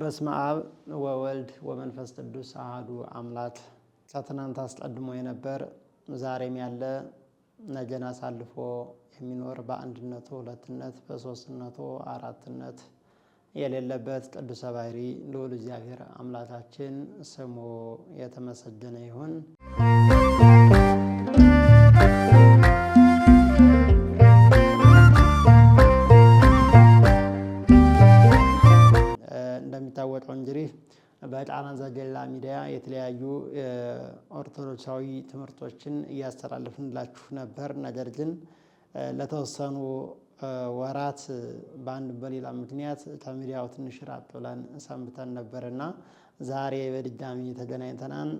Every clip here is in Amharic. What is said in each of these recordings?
በስመ አብ ወወልድ ወመንፈስ ቅዱስ አህዱ አምላክ። ከትናንት አስቀድሞ የነበር ዛሬም ያለ ነገን አሳልፎ የሚኖር በአንድነቱ ሁለትነት፣ በሶስትነቱ አራትነት የሌለበት ቅዱሰ ባህሪ ልዑል እግዚአብሔር አምላካችን ስሙ የተመሰገነ ይሁን። በጣና ዘገሊላ ሚዲያ የተለያዩ ኦርቶዶክሳዊ ትምህርቶችን እያስተላለፍንላችሁ ነበር። ነገር ግን ለተወሰኑ ወራት በአንድ በሌላ ምክንያት ከሚዲያው ትንሽ ራቅ ብለን ሰንብተን ነበርና ዛሬ በድጋሚ ተገናኝተናን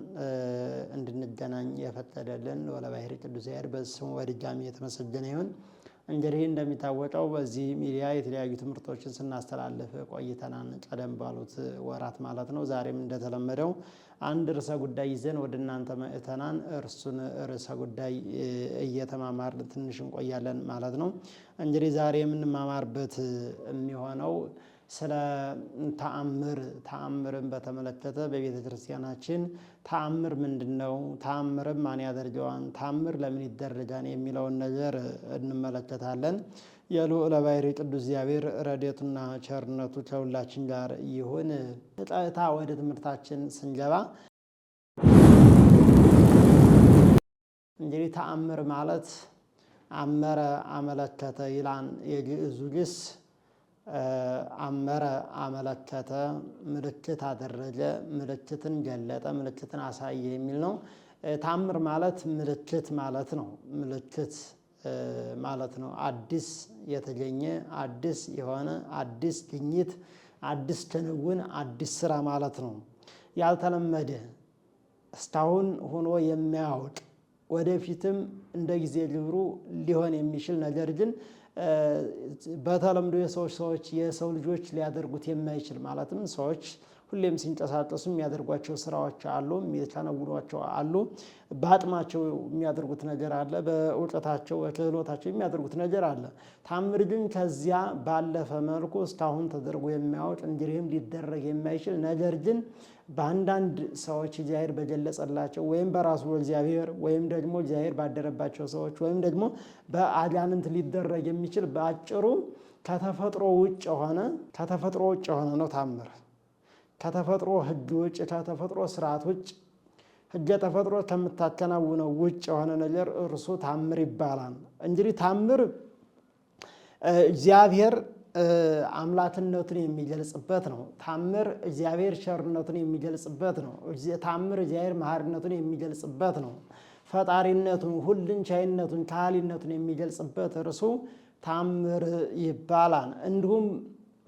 እንድንገናኝ የፈቀደልን ወለባሕርይ ቅዱስ ያሬድ በስሙ በድጋሚ የተመሰገነ ይሁን። እንግዲህ እንደሚታወቀው በዚህ ሚዲያ የተለያዩ ትምህርቶችን ስናስተላልፍ ቆይተናን ቀደም ባሉት ወራት ማለት ነው። ዛሬም እንደተለመደው አንድ ርዕሰ ጉዳይ ይዘን ወደ እናንተ መእተናን እርሱን ርዕሰ ጉዳይ እየተማማር ትንሽ እንቆያለን ማለት ነው። እንግዲህ ዛሬ የምንማማርበት የሚሆነው ስለ ተአምር ተአምርን በተመለከተ በቤተ ክርስቲያናችን ተአምር ምንድን ነው? ተአምርም ማን ያደርገዋል? ተአምር ለምን ይደረጋል? የሚለውን ነገር እንመለከታለን። የልዑለ ባሕርይ ቅዱስ እግዚአብሔር ረድኤቱና ቸርነቱ ከሁላችን ጋር ይሁን። ቀጥታ ወደ ትምህርታችን ስንገባ እንግዲህ ተአምር ማለት አመረ፣ አመለከተ ይላን የግዕዙ ግስ አመረ አመለከተ፣ ምልክት አደረገ፣ ምልክትን ገለጠ፣ ምልክትን አሳየ የሚል ነው። ታምር ማለት ምልክት ማለት ነው። ምልክት ማለት ነው። አዲስ የተገኘ አዲስ የሆነ አዲስ ግኝት፣ አዲስ ክንውን፣ አዲስ ስራ ማለት ነው። ያልተለመደ እስካሁን ሆኖ የማያውቅ ወደፊትም እንደ ጊዜ ግብሩ ሊሆን የሚችል ነገር ግን በተለምዶ የሰዎች ሰዎች የሰው ልጆች ሊያደርጉት የማይችል ማለትም ሰዎች ሁሌም ሲንቀሳቀሱ የሚያደርጓቸው ስራዎች አሉ፣ የሚከናውኗቸው አሉ። በአጥማቸው የሚያደርጉት ነገር አለ፣ በእውቀታቸው በክህሎታቸው የሚያደርጉት ነገር አለ። ታምር ግን ከዚያ ባለፈ መልኩ እስካሁን ተደርጎ የማያውቅ እንዲህም ሊደረግ የማይችል ነገር ግን በአንዳንድ ሰዎች እግዚአብሔር በገለጸላቸው ወይም በራሱ እግዚአብሔር ወይም ደግሞ እግዚአብሔር ባደረባቸው ሰዎች ወይም ደግሞ በአጋንንት ሊደረግ የሚችል በአጭሩ ከተፈጥሮ ውጭ የሆነ ከተፈጥሮ ውጭ የሆነ ነው ታምር። ከተፈጥሮ ሕግ ውጭ ከተፈጥሮ ስርዓት ውጭ ሕገ ተፈጥሮ ከምታከናውነው ውጭ የሆነ ነገር እርሱ ታምር ይባላል። እንግዲህ ታምር እግዚአብሔር አምላክነቱን የሚገልጽበት ነው። ታምር እግዚአብሔር ቸርነቱን የሚገልጽበት ነው። ታምር እግዚአብሔር መሐሪነቱን የሚገልጽበት ነው። ፈጣሪነቱን፣ ሁሉን ቻይነቱን፣ ካህሊነቱን የሚገልጽበት እርሱ ታምር ይባላል። እንዲሁም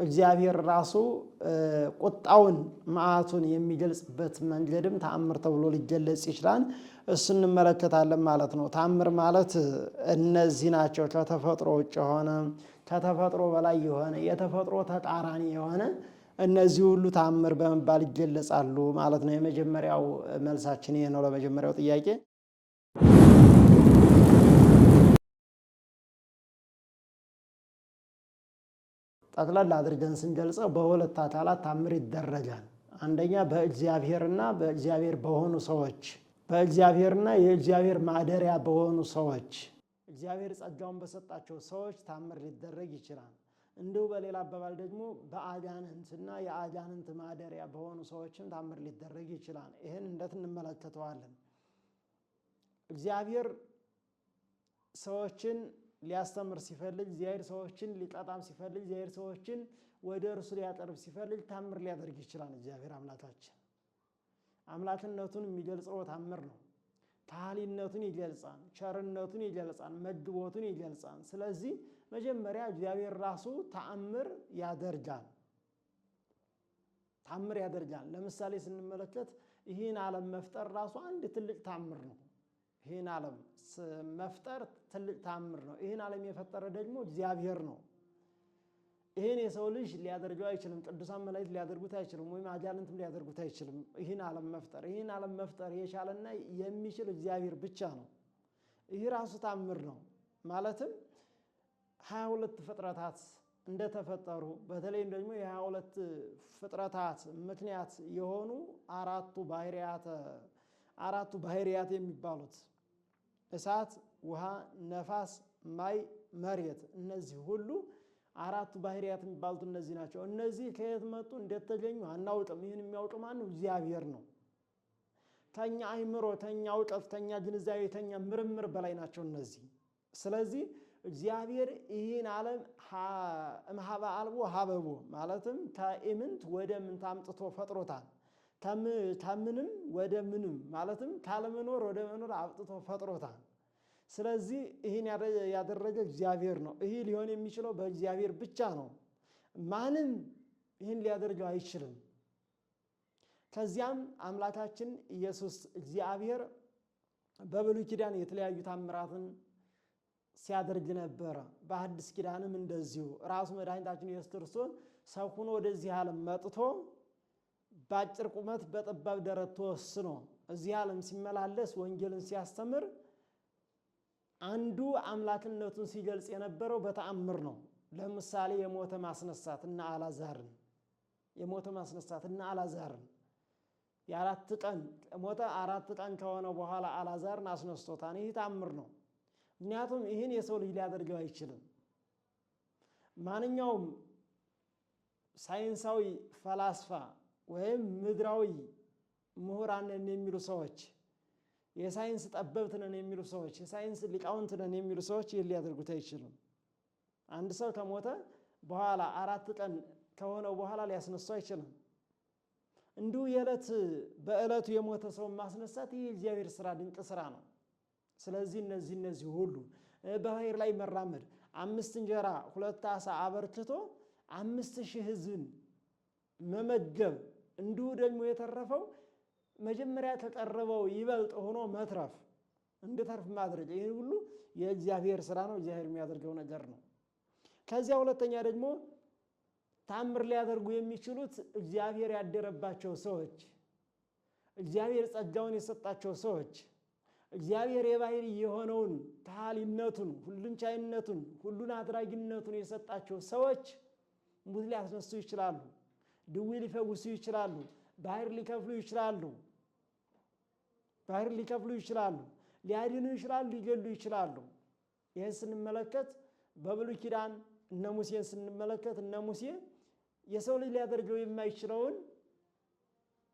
እግዚአብሔር ራሱ ቁጣውን መዓቱን የሚገልጽበት መንገድም ተአምር ተብሎ ሊገለጽ ይችላል። እሱ እንመለከታለን ማለት ነው። ተአምር ማለት እነዚህ ናቸው። ከተፈጥሮ ውጭ የሆነ ከተፈጥሮ በላይ የሆነ የተፈጥሮ ተቃራኒ የሆነ እነዚህ ሁሉ ተአምር በመባል ይገለጻሉ ማለት ነው። የመጀመሪያው መልሳችን ይህ ነው ለመጀመሪያው ጥያቄ። ጠቅለል አድርገን ስንገልጸው በሁለት አካላት ታምር ይደረጋል። አንደኛ በእግዚአብሔርና በእግዚአብሔር በሆኑ ሰዎች፣ በእግዚአብሔርና የእግዚአብሔር ማደሪያ በሆኑ ሰዎች እግዚአብሔር ጸጋውን በሰጣቸው ሰዎች ታምር ሊደረግ ይችላል። እንዲሁ በሌላ አባባል ደግሞ በአጋንንትና የአጋንንት ማደሪያ በሆኑ ሰዎችም ታምር ሊደረግ ይችላል። ይህን እንዴት እንመለከተዋለን? እግዚአብሔር ሰዎችን ሊያስተምር ሲፈልግ እግዚአብሔር ሰዎችን ሊጣጣም ሲፈልግ እግዚአብሔር ሰዎችን ወደ እርሱ ሊያቀርብ ሲፈልግ ታምር ሊያደርግ ይችላል። እግዚአብሔር አምላካችን አምላክነቱን የሚገልጸው ታምር ነው። ታህሊነቱን ይገልጻል። ቸርነቱን ይገልጻል። መግቦቱን ይገልጻል። ስለዚህ መጀመሪያ እግዚአብሔር ራሱ ተአምር ያደርጋል ታምር ያደርጋል። ለምሳሌ ስንመለከት ይህን ዓለም መፍጠር ራሱ አንድ ትልቅ ታምር ነው። ይህን ዓለም መፍጠር ትልቅ ታምር ነው። ይህን ዓለም የፈጠረ ደግሞ እግዚአብሔር ነው። ይህን የሰው ልጅ ሊያደርገው አይችልም። ቅዱሳን መላእክት ሊያደርጉት አይችልም፣ ወይም አጋንንትም ሊያደርጉት አይችልም። ይህን ዓለም መፍጠር ይህን ዓለም መፍጠር የቻለና የሚችል እግዚአብሔር ብቻ ነው። ይህ ራሱ ታምር ነው። ማለትም ሀያ ሁለት ፍጥረታት እንደተፈጠሩ በተለይም ደግሞ የሀያ ሁለት ፍጥረታት ምክንያት የሆኑ አራቱ ባህርያተ አራቱ ባህሪያት የሚባሉት እሳት፣ ውሃ፣ ነፋስ፣ ማይ፣ መሬት እነዚህ ሁሉ አራቱ ባህሪያት የሚባሉት እነዚህ ናቸው። እነዚህ ከየት መጡ እንዴት ተገኙ አናውቅም። ይህን የሚያውቅ ማን ነው? እግዚአብሔር ነው። ተኛ አይምሮ፣ ተኛ እውቀት፣ ተኛ ግንዛቤ፣ ተኛ ምርምር በላይ ናቸው እነዚህ። ስለዚህ እግዚአብሔር ይህን ዓለም እምኀበ አልቦ ሀበቦ ማለትም ከኢምንት ወደ ምንት አምጥቶ ፈጥሮታል። ታምንም ወደ ምንም ማለትም ካለመኖር ወደ መኖር አብጥቶ ፈጥሮታል። ስለዚህ ይህን ያደረገ እግዚአብሔር ነው። ይህ ሊሆን የሚችለው በእግዚአብሔር ብቻ ነው። ማንም ይህን ሊያደርገው አይችልም። ከዚያም አምላካችን ኢየሱስ እግዚአብሔር በብሉይ ኪዳን የተለያዩ ታምራትን ሲያደርግ ነበረ። በአዲስ ኪዳንም እንደዚሁ ራሱ መድኃኒታችን ኢየሱስ ክርስቶስ ሰው ሆኖ ወደዚህ ዓለም መጥቶ በአጭር ቁመት በጠባብ ደረት ተወስኖ እዚህ ዓለም ሲመላለስ ወንጌልን ሲያስተምር አንዱ አምላክነቱን ሲገልጽ የነበረው በተአምር ነው። ለምሳሌ የሞተ ማስነሳት እና አላዛርን የሞተ ማስነሳት እና አላዛርን የአራት ቀን ሞተ አራት ቀን ከሆነ በኋላ አላዛርን አስነስቶታን። ይህ ተአምር ነው። ምክንያቱም ይህን የሰው ልጅ ሊያደርገው አይችልም። ማንኛውም ሳይንሳዊ ፈላስፋ ወይም ምድራዊ ምሁራን ነን የሚሉ ሰዎች፣ የሳይንስ ጠበብት ነን የሚሉ ሰዎች፣ የሳይንስ ሊቃውንት ነን የሚሉ ሰዎች ይህን ሊያደርጉት አይችሉም። አንድ ሰው ከሞተ በኋላ አራት ቀን ከሆነው በኋላ ሊያስነሱ አይችልም። እንዲሁ የዕለት በዕለቱ የሞተ ሰውን ማስነሳት ይህ የእግዚአብሔር ስራ ድንቅ ስራ ነው። ስለዚህ እነዚህ እነዚህ ሁሉ በባሕር ላይ መራመድ፣ አምስት እንጀራ ሁለት አሳ አበርክቶ አምስት ሺህ ህዝብን መመገብ እንዲሁ ደግሞ የተረፈው መጀመሪያ ተጠረበው ይበልጥ ሆኖ መትረፍ እንድተርፍ ማድረግ ይህ ሁሉ የእግዚአብሔር ስራ ነው። እግዚአብሔር የሚያደርገው ነገር ነው። ከዚያ ሁለተኛ ደግሞ ታምር ሊያደርጉ የሚችሉት እግዚአብሔር ያደረባቸው ሰዎች፣ እግዚአብሔር ጸጋውን የሰጣቸው ሰዎች፣ እግዚአብሔር የባህሪ የሆነውን ታሊነቱን፣ ሁሉን ቻይነቱን፣ ሁሉን አድራጊነቱን የሰጣቸው ሰዎች ሙት ሊያስነሱ ይችላሉ። ድዌ ሊፈውሱ ይችላሉ። ባህር ሊከፍሉ ይችላሉ። ባህር ሊከፍሉ ይችላሉ። ሊያድኑ ይችላሉ። ሊገሉ ይችላሉ። ይህን ስንመለከት በብሉይ ኪዳን እነ ሙሴን ስንመለከት እነ ሙሴ የሰው ልጅ ሊያደርገው የማይችለውን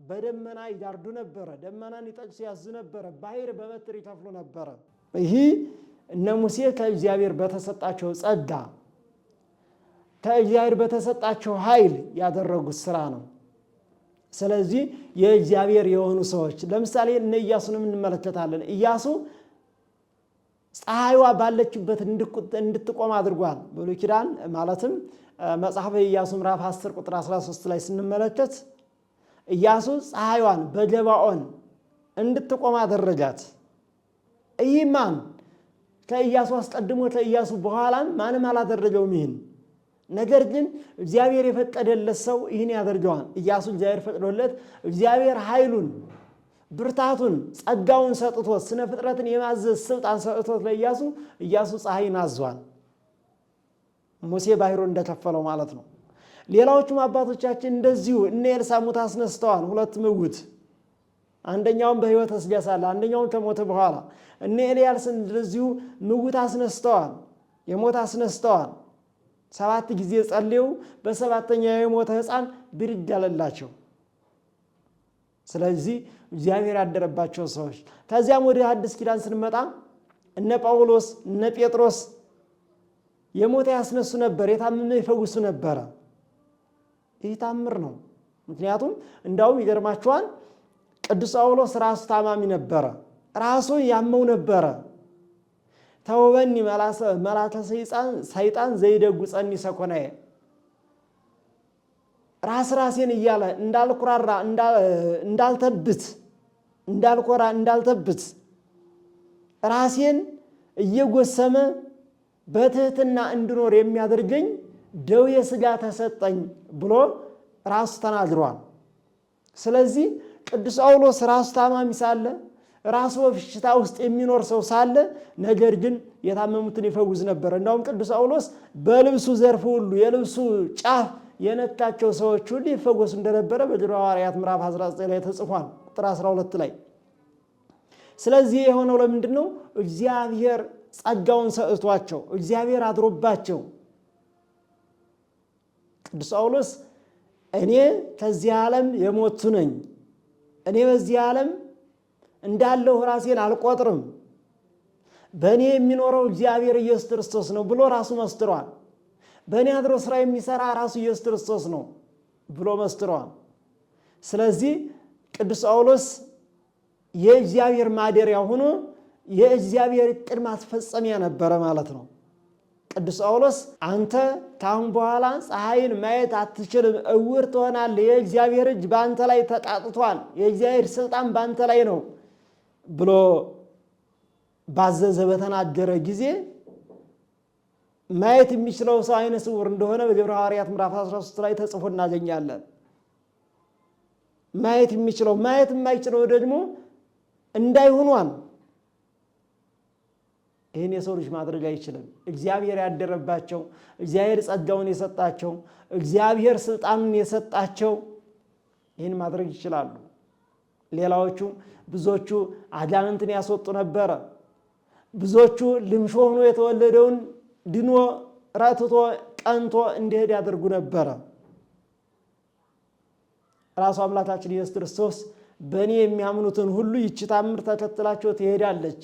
በደመና ይዳርዱ ነበረ። ደመናን ይጠቅሱ ያዙ ነበረ። ባህር በበትር ይከፍሉ ነበረ። ይህ እነ ሙሴ ከእግዚአብሔር በተሰጣቸው ጸጋ ከእግዚአብሔር በተሰጣቸው ኃይል ያደረጉት ስራ ነው። ስለዚህ የእግዚአብሔር የሆኑ ሰዎች ለምሳሌ እነ ኢያሱንም እንመለከታለን። እያሱ ፀሐይዋ ባለችበት እንድትቆም አድርጓል። ብሉይ ኪዳን ማለትም መጽሐፈ እያሱ ምዕራፍ 10 ቁጥር 13 ላይ ስንመለከት እያሱ ፀሐይዋን በገባኦን እንድትቆም አደረጋት። ይህ ማን ከእያሱ አስቀድሞ ከእያሱ በኋላም ማንም አላደረገውም ይህን ነገር ግን እግዚአብሔር የፈቀደለት ሰው ይህን ያደርገዋል። ኢያሱ እግዚአብሔር ፈቅዶለት እግዚአብሔር ኃይሉን ብርታቱን ጸጋውን ሰጥቶት ስነ ፍጥረትን የማዘዝ ስልጣን ሰጥቶት ለኢያሱ ኢያሱ ፀሐይን አዟል። ሙሴ ባህሮ እንደከፈለው ማለት ነው። ሌላዎቹም አባቶቻችን እንደዚሁ እነ ኤልሳ ሙት አስነስተዋል። ሁለት ምውት አንደኛውን በህይወት እስያ ሳለ አንደኛውን ከሞተ በኋላ እነ ኤልያስ እንደዚሁ ምውት አስነስተዋል። የሞት አስነስተዋል። ሰባት ጊዜ ጸልዩ፣ በሰባተኛ የሞተ ሕፃን ብርድ አለላቸው። ስለዚህ እግዚአብሔር ያደረባቸው ሰዎች። ከዚያም ወደ አዲስ ኪዳን ስንመጣ እነ ጳውሎስ እነ ጴጥሮስ የሞተ ያስነሱ ነበር፣ የታመመ ይፈውሱ ነበረ። ይህ ታምር ነው። ምክንያቱም እንዳውም ይገርማችኋል፣ ቅዱስ ጳውሎስ ራሱ ታማሚ ነበረ፣ ራሱ ያመው ነበረ። ተውበኒ መላተ ሰይጣን ዘይደጉፀኒ ሰኮናዬ ራስ ራሴን እያለ እንዳልኩራራ እንዳልተብት እንዳልኮራ እንዳልተብት ራሴን እየጎሰመ በትህትና እንድኖር የሚያደርገኝ ደዌ ሥጋ ተሰጠኝ ብሎ ራሱ ተናግሯል። ስለዚህ ቅዱስ ጳውሎስ ራሱ ታማሚ ሳለ ራሱ በሽታ ውስጥ የሚኖር ሰው ሳለ ነገር ግን የታመሙትን ይፈውዝ ነበር። እንዳውም ቅዱስ ጳውሎስ በልብሱ ዘርፍ ሁሉ የልብሱ ጫፍ የነካቸው ሰዎች ሁሉ ይፈወሱ እንደነበረ በድሮ ሐዋርያት ምዕራፍ 19 ላይ ተጽፏል፣ ቁጥር 12 ላይ። ስለዚህ የሆነው ለምንድን ነው? እግዚአብሔር ጸጋውን ሰጥቷቸው እግዚአብሔር አድሮባቸው ቅዱስ ጳውሎስ እኔ ከዚህ ዓለም የሞቱ ነኝ እኔ በዚህ ዓለም እንዳለሁ ራሴን አልቆጥርም፣ በእኔ የሚኖረው እግዚአብሔር ኢየሱስ ክርስቶስ ነው ብሎ ራሱ መስጥሯል። በእኔ አድሮ ስራ የሚሰራ ራሱ ኢየሱስ ክርስቶስ ነው ብሎ መስጥሯል። ስለዚህ ቅዱስ ጳውሎስ የእግዚአብሔር ማደሪያ ሆኖ የእግዚአብሔር ቅድ ማስፈጸሚያ ነበረ ማለት ነው። ቅዱስ ጳውሎስ አንተ ካሁን በኋላ ፀሐይን ማየት አትችልም፣ እውር ትሆናለህ። የእግዚአብሔር እጅ በአንተ ላይ ተጣጥቷል። የእግዚአብሔር ስልጣን በአንተ ላይ ነው። ብሎ ባዘዘ በተናገረ ጊዜ ማየት የሚችለው ሰው አይነ ስውር እንደሆነ በግብረ ሐዋርያት ምዕራፍ 13 ላይ ተጽፎ እናገኛለን። ማየት የሚችለው ማየት የማይችለው ደግሞ እንዳይሆኗል። ይህን የሰው ልጅ ማድረግ አይችልም። እግዚአብሔር ያደረባቸው፣ እግዚአብሔር ጸጋውን የሰጣቸው፣ እግዚአብሔር ስልጣኑን የሰጣቸው ይህን ማድረግ ይችላሉ። ሌላዎቹ ብዙዎቹ አጋንንትን ያስወጡ ነበረ። ብዙዎቹ ልምሾ ሆኖ የተወለደውን ድኖ ረትቶ ቀንቶ እንዲሄድ ያደርጉ ነበረ። ራሱ አምላካችን ኢየሱስ ክርስቶስ በእኔ የሚያምኑትን ሁሉ ይቺ ታምር ተከትላቸው ትሄዳለች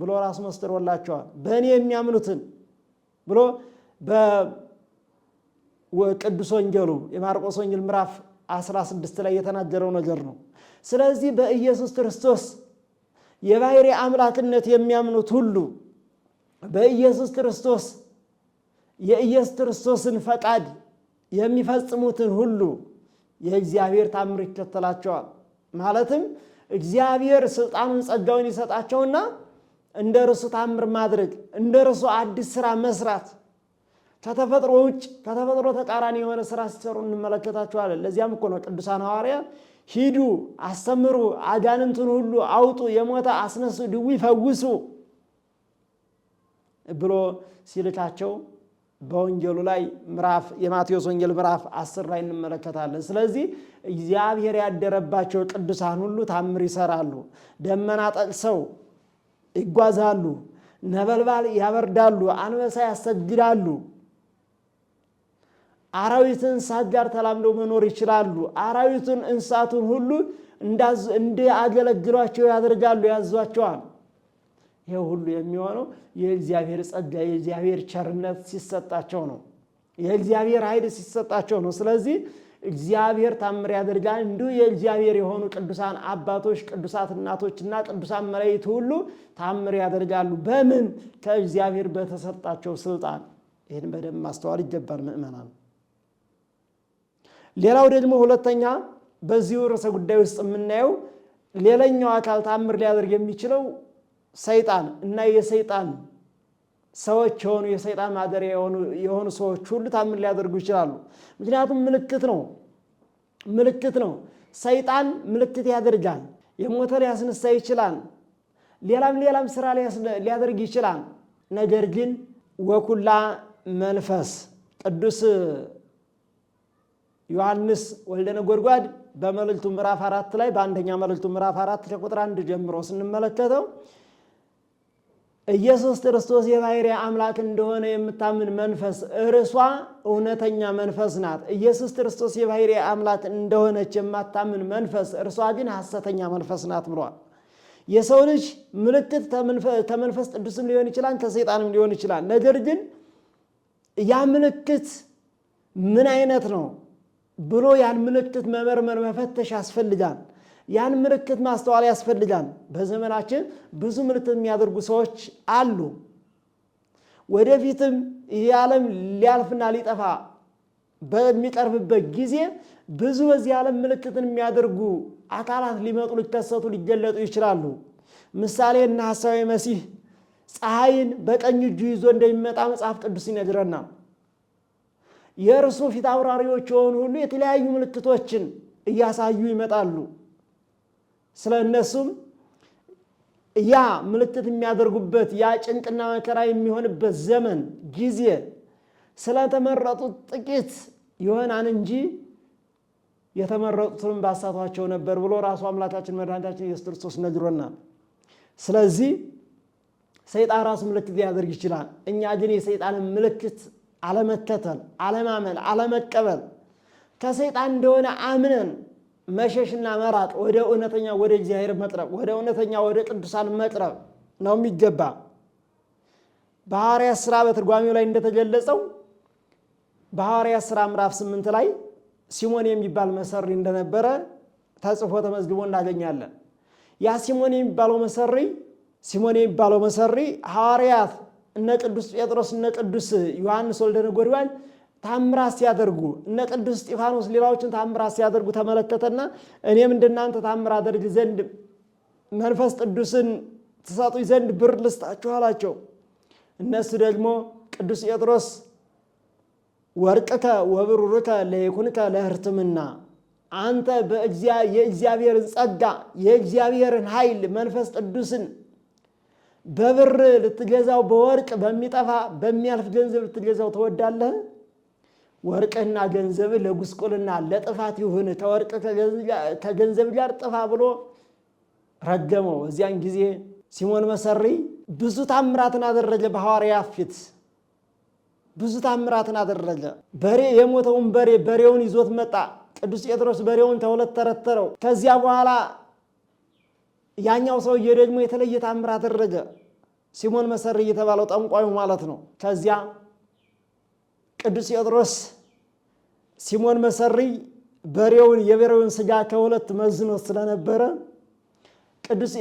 ብሎ ራሱ መስክሮላቸዋል። በእኔ የሚያምኑትን ብሎ በቅዱስ ወንጌሉ የማርቆስ ወንጌል ምዕራፍ 16 ላይ የተናገረው ነገር ነው። ስለዚህ በኢየሱስ ክርስቶስ የባሕርይ አምላክነት የሚያምኑት ሁሉ በኢየሱስ ክርስቶስ የኢየሱስ ክርስቶስን ፈቃድ የሚፈጽሙትን ሁሉ የእግዚአብሔር ታምር ይከተላቸዋል። ማለትም እግዚአብሔር ስልጣኑን ጸጋውን ይሰጣቸውና እንደ ርሱ ታምር ማድረግ እንደ ርሱ አዲስ ስራ መስራት ከተፈጥሮ ውጭ ከተፈጥሮ ተቃራኒ የሆነ ስራ ሲሰሩ እንመለከታቸዋለን። ለዚያም እኮ ነው ቅዱሳን ሐዋርያ ሂዱ አስተምሩ፣ አጋንንቱን ሁሉ አውጡ፣ የሞተ አስነሱ፣ ድዊ ፈውሱ ብሎ ሲልካቸው በወንጌሉ ላይ ምዕራፍ የማቴዎስ ወንጌል ምዕራፍ አስር ላይ እንመለከታለን። ስለዚህ እግዚአብሔር ያደረባቸው ቅዱሳን ሁሉ ታምር ይሰራሉ፣ ደመና ጠቅሰው ይጓዛሉ፣ ነበልባል ያበርዳሉ፣ አንበሳ ያሰግዳሉ። አራዊትን እንስሳት ጋር ተላምደው መኖር ይችላሉ። አራዊቱን እንስሳቱን ሁሉ እንዲያገለግሏቸው ያደርጋሉ፣ ያዟቸዋል። ይህ ሁሉ የሚሆነው የእግዚአብሔር ጸጋ የእግዚአብሔር ቸርነት ሲሰጣቸው ነው። የእግዚአብሔር ኃይል ሲሰጣቸው ነው። ስለዚህ እግዚአብሔር ታምር ያደርጋል። እንዲሁ የእግዚአብሔር የሆኑ ቅዱሳን አባቶች፣ ቅዱሳት እናቶችና ቅዱሳን መላእክት ሁሉ ታምር ያደርጋሉ። በምን? ከእግዚአብሔር በተሰጣቸው ስልጣን። ይህን በደንብ ማስተዋል ይገባል ምእመናን። ሌላው ደግሞ ሁለተኛ በዚሁ ርዕሰ ጉዳይ ውስጥ የምናየው ሌላኛው አካል ታምር ሊያደርግ የሚችለው ሰይጣን እና የሰይጣን ሰዎች የሆኑ የሰይጣን ማደሪያ የሆኑ ሰዎች ሁሉ ታምር ሊያደርጉ ይችላሉ። ምክንያቱም ምልክት ነው፣ ምልክት ነው። ሰይጣን ምልክት ያደርጋል። የሞተ ሊያስነሳ ይችላል። ሌላም ሌላም ስራ ሊያደርግ ይችላል። ነገር ግን ወኩላ መንፈስ ቅዱስ ዮሐንስ ወልደ ነጎድጓድ በመልልቱ ምዕራፍ አራት ላይ በአንደኛ መልእክቱ ምዕራፍ አራት ከቁጥር አንድ ጀምሮ ስንመለከተው ኢየሱስ ክርስቶስ የባሕርይ አምላክ እንደሆነ የምታምን መንፈስ እርሷ እውነተኛ መንፈስ ናት። ኢየሱስ ክርስቶስ የባሕርይ አምላክ እንደሆነች የማታምን መንፈስ እርሷ ግን ሐሰተኛ መንፈስ ናት ብሏል። የሰው ልጅ ምልክት ከመንፈስ ቅዱስም ሊሆን ይችላል፣ ከሰይጣንም ሊሆን ይችላል። ነገር ግን ያ ምልክት ምን አይነት ነው? ብሎ ያን ምልክት መመርመር መፈተሽ ያስፈልጋል። ያን ምልክት ማስተዋል ያስፈልጋል። በዘመናችን ብዙ ምልክት የሚያደርጉ ሰዎች አሉ። ወደፊትም ይህ ዓለም ሊያልፍና ሊጠፋ በሚቀርብበት ጊዜ ብዙ በዚህ ዓለም ምልክትን የሚያደርጉ አካላት ሊመጡ፣ ሊከሰቱ፣ ሊገለጡ ይችላሉ። ምሳሌ እና ሐሳዊ መሲህ ፀሐይን በቀኝ እጁ ይዞ እንደሚመጣ መጽሐፍ ቅዱስ ይነግረናል። የእርሱ ፊት አውራሪዎች የሆኑ ሁሉ የተለያዩ ምልክቶችን እያሳዩ ይመጣሉ። ስለ እነሱም ያ ምልክት የሚያደርጉበት ያ ጭንቅና መከራ የሚሆንበት ዘመን ጊዜ ስለተመረጡት ጥቂት ይሆናል እንጂ የተመረጡትንም ባሳቷቸው ነበር ብሎ ራሱ አምላካችን መድኃኒታችን ኢየሱስ ክርስቶስ ነግሮናል። ስለዚህ ሰይጣን ራሱ ምልክት ሊያደርግ ይችላል። እኛ ግን የሰይጣንን ምልክት አለመከተል፣ አለማመን፣ አለመቀበል ከሰይጣን እንደሆነ አምነን መሸሽና መራቅ ወደ እውነተኛ ወደ እግዚአብሔር መቅረብ ወደ እውነተኛ ወደ ቅዱሳን መቅረብ ነው የሚገባ። በሐዋርያት ሥራ በትርጓሜው ላይ እንደተገለጸው በሐዋርያት ሥራ ምዕራፍ ስምንት ላይ ሲሞን የሚባል መሰሪ እንደነበረ ተጽፎ ተመዝግቦ እናገኛለን። ያ ሲሞን የሚባለው መሰሪ ሲሞን የሚባለው መሰሪ ሐዋርያት እነ ቅዱስ ጴጥሮስ እነ ቅዱስ ዮሐንስ ወልደ ነጎድጓድ ታምራት ሲያደርጉ እነ ቅዱስ እስጢፋኖስ ሌላዎችን ታምራት ሲያደርጉ ተመለከተና እኔም እንደናንተ ታምር አደርግ ዘንድ መንፈስ ቅዱስን ትሰጡኝ ዘንድ ብር ልስጣችሁ አላቸው። እነሱ ደግሞ ቅዱስ ጴጥሮስ ወርቅከ ወብሩርከ ለይኩንከ ለህርትምና አንተ የእግዚአብሔርን ጸጋ የእግዚአብሔርን ኃይል መንፈስ ቅዱስን በብር ልትገዛው በወርቅ በሚጠፋ በሚያልፍ ገንዘብ ልትገዛው ትወዳለህ? ወርቅና ገንዘብ ለጉስቁልና ለጥፋት ይሁን፣ ተወርቅ ከገንዘብ ጋር ጥፋ ብሎ ረገመው። እዚያን ጊዜ ሲሞን መሰሪ ብዙ ታምራትን አደረገ። በሐዋርያት ፊት ብዙ ታምራትን አደረገ። በሬ የሞተውን በሬ በሬውን ይዞት መጣ። ቅዱስ ጴጥሮስ በሬውን ተሁለት ተረተረው። ከዚያ በኋላ ያኛው ሰውዬ ደግሞ የተለየ ታምር አደረገ። ሲሞን መሰሪ የተባለው ጠንቋዩ ማለት ነው። ከዚያ ቅዱስ ጴጥሮስ ሲሞን መሰሪ በሬውን የበሬውን ስጋ ከሁለት መዝኖ ስለነበረ ቅዱስ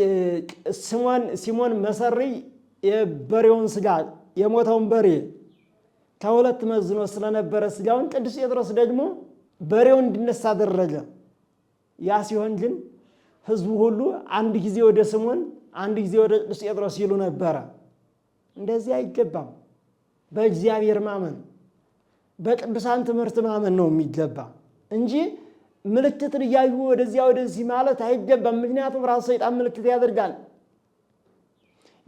ሲሞን መሰሪ የበሬውን ስጋ የሞተውን በሬ ከሁለት መዝኖ ስለነበረ ስጋውን ቅዱስ ጴጥሮስ ደግሞ በሬውን እንዲነሳ አደረገ። ያ ሲሆን ግን ህዝቡ ሁሉ አንድ ጊዜ ወደ ስምዖን፣ አንድ ጊዜ ወደ ቅዱስ ጴጥሮስ ይሉ ነበረ። እንደዚህ አይገባም። በእግዚአብሔር ማመን በቅዱሳን ትምህርት ማመን ነው የሚገባ እንጂ ምልክትን እያዩ ወደዚያ ወደዚህ ማለት አይገባም። ምክንያቱም ራሱ ሰይጣን ምልክት ያደርጋል።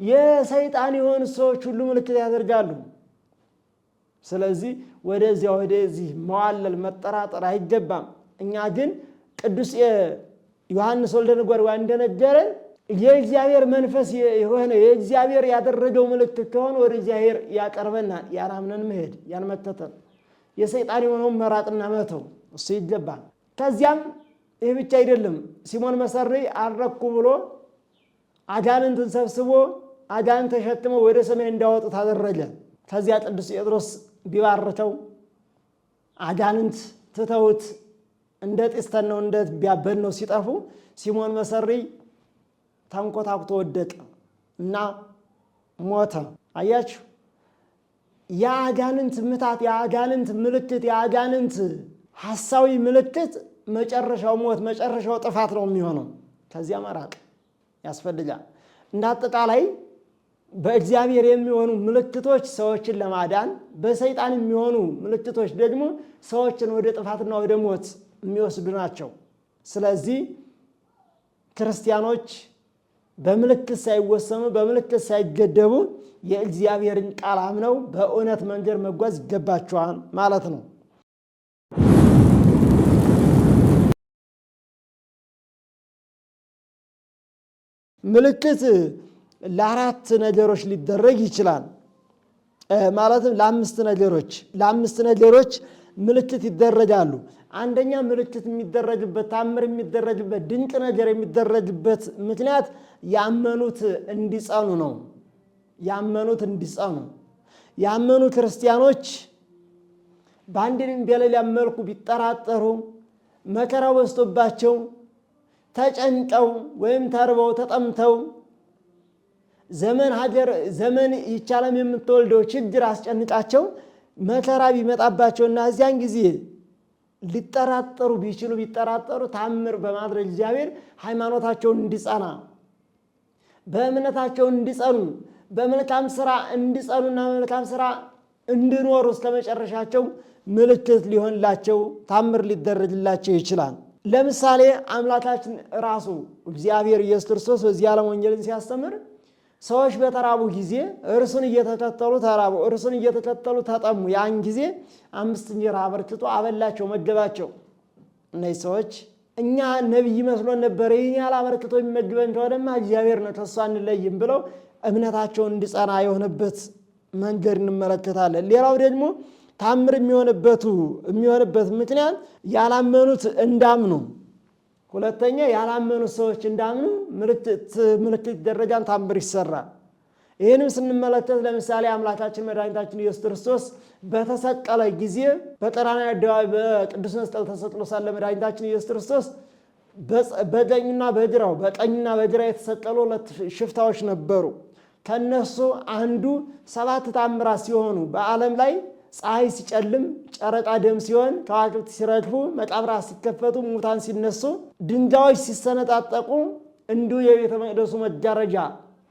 የሰይጣን የሆኑ ሰዎች ሁሉ ምልክት ያደርጋሉ። ስለዚህ ወደዚያ ወደዚህ መዋለል፣ መጠራጠር አይገባም። እኛ ግን ቅዱስ ዮሐንስ ወልደ ነጎድጓድ እንደነገረን የእግዚአብሔር መንፈስ የሆነ የእግዚአብሔር ያደረገው ምልክት ከሆነ ወደ እግዚአብሔር ያቀርበናል። ያራምነን መሄድ፣ ያን የሰይጣን የሆነውን መራቅና መተው እሱ ይገባል። ከዚያም ይህ ብቻ አይደለም። ሲሞን መሰሪ አረኩ ብሎ አጋንንትን ሰብስቦ አጋንንት ተሸክሞ ወደ ሰማይ እንዳወጡ ታደረገ ከዚያ ቅዱስ ጴጥሮስ ቢባርተው አጋንንት ትተውት እንደ ጢስተን ነው እንደ ቢያበድ ነው ሲጠፉ ሲሞን መሰሪ ተንኮታኩቶ ወደቀ እና ሞተ። አያችሁ፣ የአጋንንት ምታት፣ የአጋንንት ምልክት፣ የአጋንንት ሀሳዊ ምልክት መጨረሻው ሞት፣ መጨረሻው ጥፋት ነው የሚሆነው። ከዚያ መራቅ ያስፈልጋል። እንደ አጠቃላይ በእግዚአብሔር የሚሆኑ ምልክቶች ሰዎችን ለማዳን፣ በሰይጣን የሚሆኑ ምልክቶች ደግሞ ሰዎችን ወደ ጥፋትና ወደ ሞት የሚወስዱ ናቸው። ስለዚህ ክርስቲያኖች በምልክት ሳይወሰኑ በምልክት ሳይገደቡ የእግዚአብሔርን ቃል አምነው በእውነት መንገድ መጓዝ ይገባቸዋል ማለት ነው። ምልክት ለአራት ነገሮች ሊደረግ ይችላል። ማለትም ለአምስት ነገሮች ለአምስት ነገሮች ምልክት ይደረጋሉ። አንደኛ ምልክት የሚደረግበት ታምር የሚደረግበት ድንቅ ነገር የሚደረግበት ምክንያት ያመኑት እንዲጸኑ ነው። ያመኑት እንዲጸኑ ያመኑ ክርስቲያኖች በአንድንም በሌላ መልኩ ቢጠራጠሩ መከራ በዝቶባቸው ተጨንቀው ወይም ተርበው ተጠምተው ዘመን ሀገር ዘመን ይቻለም የምትወልደው ችግር አስጨንቃቸው መከራ ቢመጣባቸውና እዚያን ጊዜ ሊጠራጠሩ ቢችሉ ቢጠራጠሩ ታምር በማድረግ እግዚአብሔር ሃይማኖታቸውን እንዲጸና በእምነታቸው እንዲጸኑ በመልካም ስራ እንዲጸኑና በመልካም ስራ እንዲኖሩ እስከ መጨረሻቸው ምልክት ሊሆንላቸው ታምር ሊደረግላቸው ይችላል። ለምሳሌ አምላካችን ራሱ እግዚአብሔር ኢየሱስ ክርስቶስ በዚህ ዓለም ወንጌልን ሲያስተምር ሰዎች በተራቡ ጊዜ እርሱን እየተከተሉ ተራቡ፣ እርሱን እየተከተሉ ተጠሙ። ያን ጊዜ አምስት እንጀራ አበርክቶ አበላቸው፣ መገባቸው። እነዚህ ሰዎች እኛ ነቢይ መስሎን ነበር፣ ይህን ያህል አበርክቶ የሚመግበን እንደሆነማ እግዚአብሔር ነው፣ ከእሱ አንለይም ብለው እምነታቸውን እንዲጸና የሆነበት መንገድ እንመለከታለን። ሌላው ደግሞ ታምር የሚሆንበት ምክንያት ያላመኑት እንዳምኑ ሁለተኛ ያላመኑ ሰዎች እንዳምኑ ምልክት ደረጃን ታምር ይሰራል። ይህንም ስንመለከት ለምሳሌ አምላካችን መድኃኒታችን ኢየሱስ ክርስቶስ በተሰቀለ ጊዜ በቀራንዮ አደባባይ በቅዱስ መስቀል ተሰቅሎ ሳለ መድኃኒታችን ኢየሱስ ክርስቶስ በቀኝና በግራው በቀኝና በግራ የተሰቀሉ ሁለት ሽፍታዎች ነበሩ። ከነሱ አንዱ ሰባት ታምራት ሲሆኑ በዓለም ላይ ፀሐይ ሲጨልም ጨረቃ ደም ሲሆን ከዋክብት ሲረግፉ መቃብራት ሲከፈቱ ሙታን ሲነሱ ድንጋዮች ሲሰነጣጠቁ እንዲሁ የቤተ መቅደሱ መጋረጃ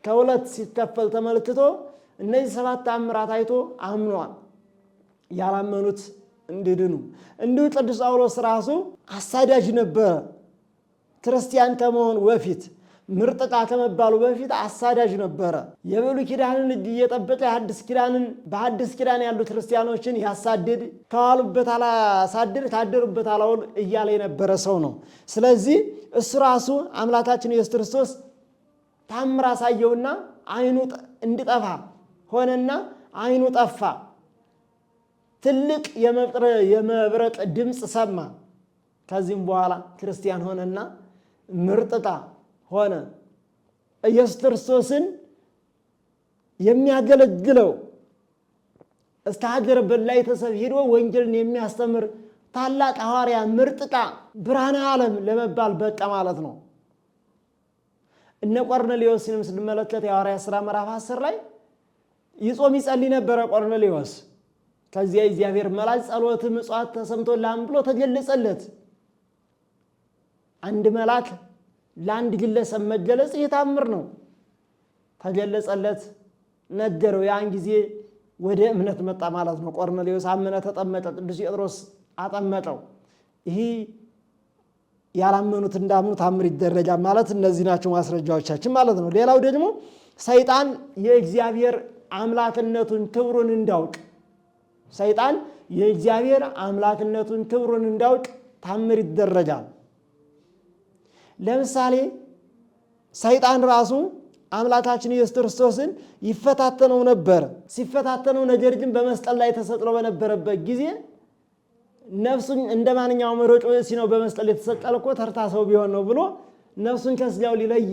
ከሁለት ሲከፈል ተመልክቶ እነዚህ ሰባት ተአምራት አይቶ አምኗል። ያላመኑት እንዲድኑ እንዲሁ ቅዱስ ጳውሎስ ራሱ አሳዳጅ ነበረ ክርስቲያን ከመሆን በፊት ምርጥ ምርጥጣ ከመባሉ በፊት አሳዳጅ ነበረ። የብሉይ ኪዳንን እጅ እየጠበቀ የሐዲስ ኪዳንን በሐዲስ ኪዳን ያሉ ክርስቲያኖችን ያሳድድ፣ ከዋሉበት አላሳድድ፣ ካደሩበት አላውል እያለ የነበረ ሰው ነው። ስለዚህ እሱ ራሱ አምላካችን ኢየሱስ ክርስቶስ ታምር አሳየውና አይኑ እንዲጠፋ ሆነና አይኑ ጠፋ። ትልቅ የመብረቅ ድምፅ ሰማ። ከዚህም በኋላ ክርስቲያን ሆነና ምርጥጣ ሆነ። ኢየሱስ ክርስቶስን የሚያገለግለው እስከ ሀገር በላይ ተሰብ ሄዶ ወንጌልን የሚያስተምር ታላቅ ሐዋርያ ምርጥቃ ብርሃነ ዓለም ለመባል በቃ ማለት ነው። እነ ቆርኔሌዎስንም ስንመለከት የሐዋርያ ሥራ ምዕራፍ አስር ላይ ይጾም ይጸልይ ነበረ ቆርኔሌዎስ። ከዚያ የእግዚአብሔር መልአክ ጸሎት ምጽዋት ተሰምቶላም ብሎ ተገለጸለት። አንድ መልአክ ለአንድ ግለሰብ መገለጽ ይህ ታምር ነው። ተገለጸለት፣ ነገረው። ያን ጊዜ ወደ እምነት መጣ ማለት ነው። ቆርኔሌዎስ አመነ፣ ተጠመቀ። ቅዱስ ጴጥሮስ አጠመቀው። ይህ ያላመኑት እንዳምኑ ታምር ይደረጋል ማለት እነዚህ ናቸው ማስረጃዎቻችን ማለት ነው። ሌላው ደግሞ ሰይጣን የእግዚአብሔር አምላክነቱን ክብሩን እንዳውቅ ሰይጣን የእግዚአብሔር አምላክነቱን ክብሩን እንዳውቅ ታምር ይደረጋል። ለምሳሌ ሰይጣን ራሱ አምላካችን ኢየሱስ ክርስቶስን ይፈታተነው ነበር። ሲፈታተነው ነገር ግን በመስጠል ላይ ተሰቅሎ በነበረበት ጊዜ ነፍሱን እንደ ማንኛውም ሮጭ ሲነው በመስጠል የተሰቀለ እኮ ተርታ ሰው ቢሆን ነው ብሎ ነፍሱን ከስጋው ሊለይ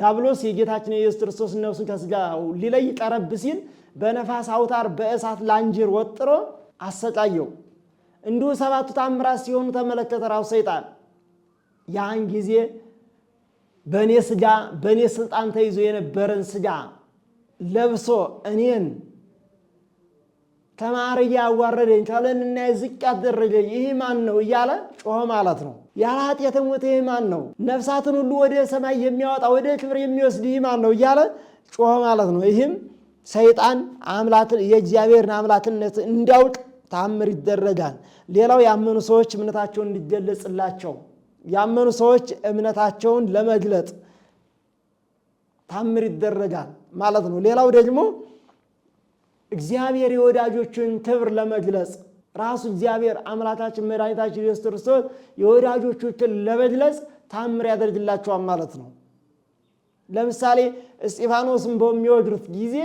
ዳብሎስ የጌታችን የኢየሱስ ክርስቶስ ነፍሱን ከስጋው ሊለይ ቀረብ ሲል በነፋስ አውታር በእሳት ላንጅር ወጥሮ አሰቃየው። እንዲሁ ሰባቱ ታምራት ሲሆኑ ተመለከተ ራሱ ሰይጣን ያን ጊዜ በእኔ ስጋ በእኔ ስልጣን ተይዞ የነበረን ስጋ ለብሶ እኔን ተማሪ ያዋረደኝ ከለንና ዝቅ ያደረገኝ ይህ ማን ነው እያለ ጮኸ ማለት ነው። ያለ ኃጢአት የሞተ ይህ ማን ነው? ነፍሳትን ሁሉ ወደ ሰማይ የሚያወጣ ወደ ክብር የሚወስድ ይህ ማን ነው እያለ ጮኸ ማለት ነው። ይህም ሰይጣን አምላክን የእግዚአብሔርን አምላክነት እንዲያውቅ ታምር ይደረጋል። ሌላው ያመኑ ሰዎች እምነታቸውን እንዲገለጽላቸው ያመኑ ሰዎች እምነታቸውን ለመግለጥ ታምር ይደረጋል ማለት ነው። ሌላው ደግሞ እግዚአብሔር የወዳጆችን ክብር ለመግለጽ ራሱ እግዚአብሔር አምላካችን መድኃኒታችን ኢየሱስ ክርስቶስ የወዳጆቹትን ለመግለጽ ታምር ያደርግላቸዋል ማለት ነው። ለምሳሌ እስጢፋኖስን በሚወግሩት ጊዜ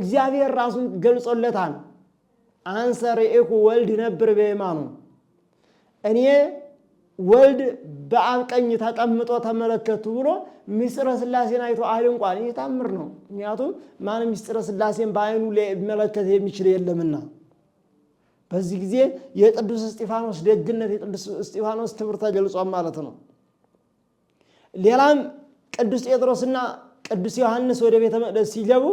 እግዚአብሔር ራሱን ገልጾለታል። አንሰ ርኢኩ ወልድ ነብር በየማኑ እኔ ወልድ በአብ ቀኝ ተቀምጦ ተመለከቱ ብሎ ምስጢረ ስላሴን አይቶ አድንቋል። ይህ ታምር ነው። ምክንያቱም ማን ምስጢረ ስላሴን በአይኑ መለከት የሚችል የለምና። በዚህ ጊዜ የቅዱስ እስጢፋኖስ ደግነት፣ የቅዱስ እስጢፋኖስ ክብር ተገልጿል ማለት ነው። ሌላም ቅዱስ ጴጥሮስና ቅዱስ ዮሐንስ ወደ ቤተ መቅደስ ሲገቡ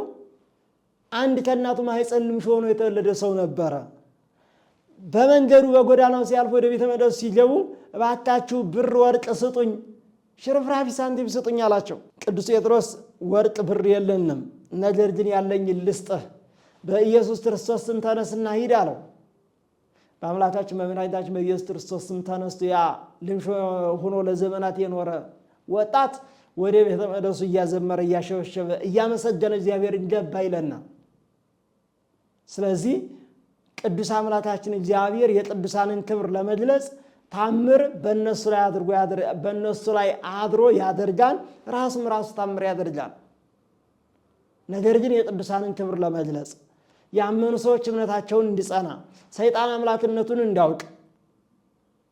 አንድ ከእናቱ ማኅፀን ልምሾ ሆኖ የተወለደ ሰው ነበረ። በመንገዱ በጎዳናው ሲያልፍ ወደ ቤተ መቅደሱ ሲገቡ እባካችሁ ብር ወርቅ ስጡኝ፣ ሽርፍራፊ ሳንቲም ስጡኝ አላቸው። ቅዱስ ጴጥሮስ ወርቅ ብር የለንም፣ ነገር ግን ያለኝ ልስጥህ፣ በኢየሱስ ክርስቶስ ስም ተነስና ሂድ አለው። በአምላካችን በመድኃኒታችን በኢየሱስ ክርስቶስ ስም ተነስቶ ያ ልምሾ ሆኖ ለዘመናት የኖረ ወጣት ወደ ቤተ መቅደሱ እያዘመረ እያሸበሸበ እያመሰገነ እግዚአብሔር ገባ ይለና ስለዚህ ቅዱስ አምላካችን እግዚአብሔር የቅዱሳንን ክብር ለመግለጽ ታምር በእነሱ ላይ አድሮ ያደርጋል። ራሱም ራሱ ታምር ያደርጋል። ነገር ግን የቅዱሳንን ክብር ለመግለጽ ያመኑ ሰዎች እምነታቸውን እንዲጸና ሰይጣን አምላክነቱን እንዲያውቅ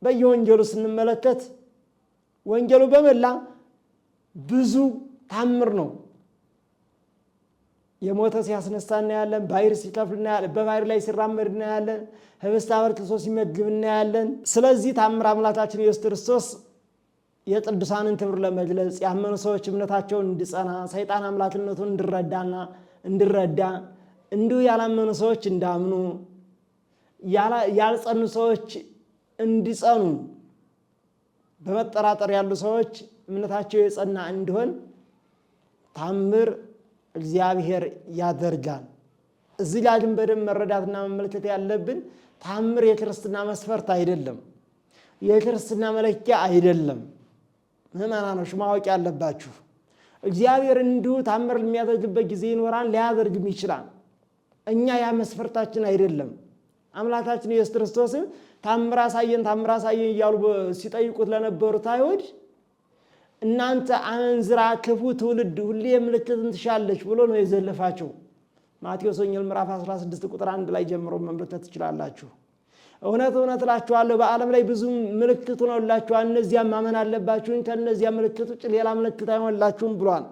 በየወንጌሉ ስንመለከት ወንጌሉ በመላ ብዙ ታምር ነው። የሞተ ሲያስነሳ እናያለን። ባይር ሲከፍል እናያለን። በባይር ላይ ሲራመድ እናያለን። ህብስት አበርክቶ ሲመግብ እናያለን። ስለዚህ ታምር አምላካችን ኢየሱስ ክርስቶስ የቅዱሳንን ክብር ለመግለጽ ያመኑ ሰዎች እምነታቸውን እንዲጸና ሰይጣን አምላክነቱን እንድረዳና እንዲረዳ እንዲሁ ያላመኑ ሰዎች እንዳምኑ ያልጸኑ ሰዎች እንዲጸኑ በመጠራጠር ያሉ ሰዎች እምነታቸው የጸና እንዲሆን ታምር እግዚአብሔር ያደርጋል። እዚህ ላይ ግን በደንብ መረዳትና መመልከት ያለብን ታምር የክርስትና መስፈርት አይደለም፣ የክርስትና መለኪያ አይደለም። ምዕመናኖች ማወቅ ያለባችሁ እግዚአብሔር እንዲሁ ታምር የሚያደርግበት ጊዜ ይኖራል፣ ሊያደርግም ይችላል። እኛ ያ መስፈርታችን አይደለም። አምላካችን ኢየሱስ ክርስቶስም ታምር አሳየን ታምር አሳየን እያሉ ሲጠይቁት ለነበሩት አይሁድ እናንተ አመንዝራ ክፉ ትውልድ ሁሌ ምልክትን ትሻለች ብሎ ነው የዘለፋቸው። ማቴዎስ ወንጌል ምዕራፍ 16 ቁጥር አንድ ላይ ጀምሮ መመልከት ትችላላችሁ። እውነት እውነት እላችኋለሁ በዓለም ላይ ብዙ ምልክት ሆኖላችኋል፣ እነዚያም ማመን አለባችሁን፣ ከእነዚያ ምልክት ውጭ ሌላ ምልክት አይሆንላችሁም ብሏል።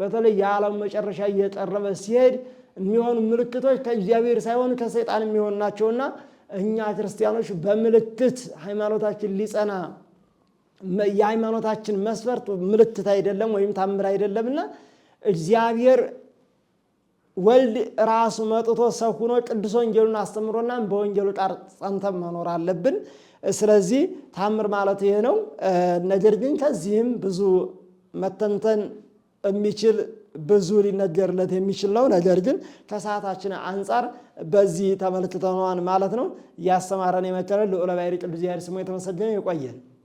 በተለይ የዓለም መጨረሻ እየጠረበ ሲሄድ የሚሆኑ ምልክቶች ከእግዚአብሔር ሳይሆን ከሰይጣን የሚሆኑ ናቸውና እኛ ክርስቲያኖች በምልክት ሃይማኖታችን ሊጸና የሃይማኖታችን መስፈርት ምልክት አይደለም ወይም ታምር አይደለምና እግዚአብሔር ወልድ ራሱ መጥቶ ሰው ሁኖ ቅዱስ ወንጌሉን አስተምሮና በወንጌሉ ቃል ጸንተን መኖር አለብን። ስለዚህ ታምር ማለት ይሄ ነው። ነገር ግን ከዚህም ብዙ መተንተን የሚችል ብዙ ሊነገርለት የሚችል ነው። ነገር ግን ከሰዓታችን አንጻር በዚህ ተመልክተነዋን ማለት ነው። እያስተማረን የመከረን ልዑለ ባሕርይ ቅዱስ እግዚአብሔር ስሙ የተመሰገነ ይቆየን።